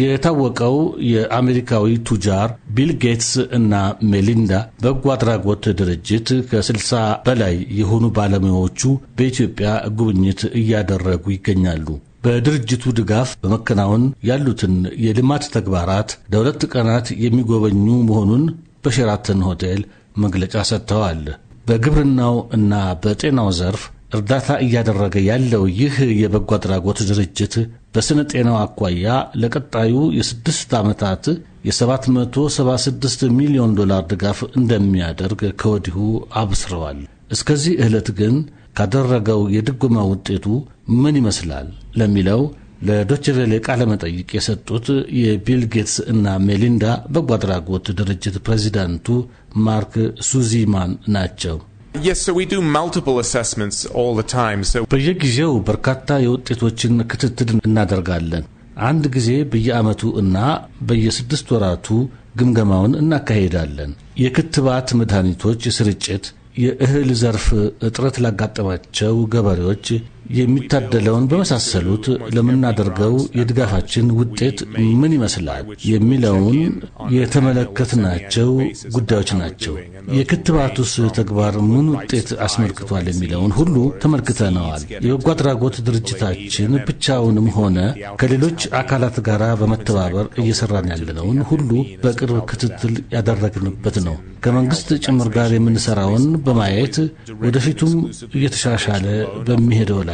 የታወቀው የአሜሪካዊ ቱጃር ቢል ጌትስ እና ሜሊንዳ በጎ አድራጎት ድርጅት ከ60 በላይ የሆኑ ባለሙያዎቹ በኢትዮጵያ ጉብኝት እያደረጉ ይገኛሉ። በድርጅቱ ድጋፍ በመከናወን ያሉትን የልማት ተግባራት ለሁለት ቀናት የሚጎበኙ መሆኑን በሸራተን ሆቴል መግለጫ ሰጥተዋል። በግብርናው እና በጤናው ዘርፍ እርዳታ እያደረገ ያለው ይህ የበጎ አድራጎት ድርጅት በስነ ጤናው አኳያ ለቀጣዩ የስድስት ዓመታት የ776 ሚሊዮን ዶላር ድጋፍ እንደሚያደርግ ከወዲሁ አብስረዋል። እስከዚህ ዕለት ግን ካደረገው የድጎማ ውጤቱ ምን ይመስላል ለሚለው ለዶችቬሌ ቃለ መጠይቅ የሰጡት የቢል ጌትስ እና ሜሊንዳ በጎ አድራጎት ድርጅት ፕሬዚዳንቱ ማርክ ሱዚማን ናቸው። በየጊዜው በርካታ የውጤቶችን ክትትል እናደርጋለን። አንድ ጊዜ በየዓመቱ እና በየስድስት ወራቱ ግምገማውን እናካሄዳለን። የክትባት መድኃኒቶች ስርጭት፣ የእህል ዘርፍ እጥረት ላጋጠማቸው ገበሬዎች የሚታደለውን በመሳሰሉት ለምናደርገው የድጋፋችን ውጤት ምን ይመስላል የሚለውን የተመለከትናቸው ጉዳዮች ናቸው። የክትባቱስ ተግባር ምን ውጤት አስመልክቷል የሚለውን ሁሉ ተመልክተነዋል። የበጎ አድራጎት ድርጅታችን ብቻውንም ሆነ ከሌሎች አካላት ጋር በመተባበር እየሰራን ያለነውን ሁሉ በቅርብ ክትትል ያደረግንበት ነው። ከመንግስት ጭምር ጋር የምንሰራውን በማየት ወደፊቱም እየተሻሻለ በሚሄደው ላይ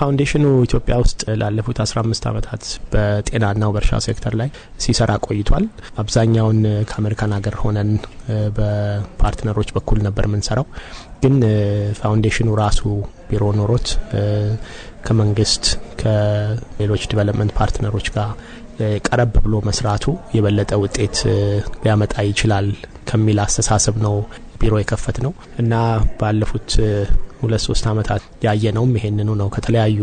ፋውንዴሽኑ ኢትዮጵያ ውስጥ ላለፉት 15 ዓመታት በጤናና በእርሻ ሴክተር ላይ ሲሰራ ቆይቷል። አብዛኛውን ከአሜሪካን ሀገር ሆነን በፓርትነሮች በኩል ነበር የምንሰራው። ግን ፋውንዴሽኑ ራሱ ቢሮ ኖሮት ከመንግስት ከሌሎች ዲቨሎፕመንት ፓርትነሮች ጋር ቀረብ ብሎ መስራቱ የበለጠ ውጤት ሊያመጣ ይችላል ከሚል አስተሳሰብ ነው ቢሮ የከፈት ነው እና ባለፉት ሁለት ሶስት ዓመታት ያየነውም ይሄንኑ ነው። ከተለያዩ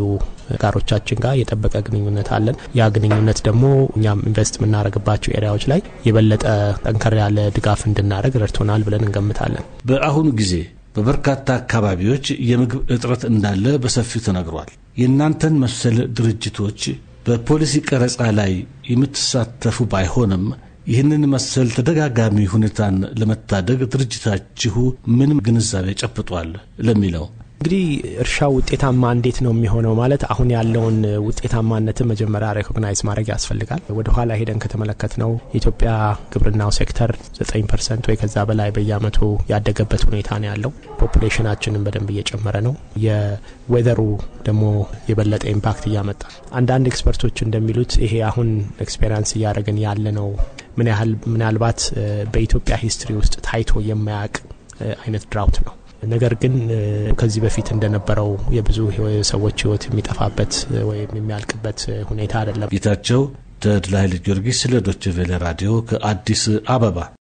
ጋሮቻችን ጋር የጠበቀ ግንኙነት አለን። ያ ግንኙነት ደግሞ እኛም ኢንቨስት የምናደርግባቸው ኤሪያዎች ላይ የበለጠ ጠንከር ያለ ድጋፍ እንድናደርግ ረድቶናል ብለን እንገምታለን። በአሁኑ ጊዜ በበርካታ አካባቢዎች የምግብ እጥረት እንዳለ በሰፊው ተነግሯል። የእናንተን መሰል ድርጅቶች በፖሊሲ ቀረጻ ላይ የምትሳተፉ ባይሆንም ይህንን መሰል ተደጋጋሚ ሁኔታን ለመታደግ ድርጅታችሁ ምንም ግንዛቤ ጨብጧል ለሚለው እንግዲህ እርሻው ውጤታማ እንዴት ነው የሚሆነው? ማለት አሁን ያለውን ውጤታማነትን መጀመሪያ ሬኮግናይዝ ማድረግ ያስፈልጋል። ወደኋላ ሄደን ከተመለከት ነው የኢትዮጵያ ግብርናው ሴክተር ዘጠኝ ፐርሰንት ወይ ከዛ በላይ በየአመቱ ያደገበት ሁኔታ ነው ያለው። ፖፑሌሽናችንን በደንብ እየጨመረ ነው። የዌዘሩ ደግሞ የበለጠ ኢምፓክት እያመጣ አንዳንድ ኤክስፐርቶች እንደሚሉት ይሄ አሁን ኤክስፔሪንስ እያደረግን ያለ ነው ምን ያህል ምናልባት በኢትዮጵያ ሂስትሪ ውስጥ ታይቶ የማያውቅ አይነት ድራውት ነው። ነገር ግን ከዚህ በፊት እንደነበረው የብዙ ሰዎች ህይወት የሚጠፋበት ወይም የሚያልቅበት ሁኔታ አይደለም። ጌታቸው ተድላ ኃይለ ጊዮርጊስ ለዶችቬለ ራዲዮ ከአዲስ አበባ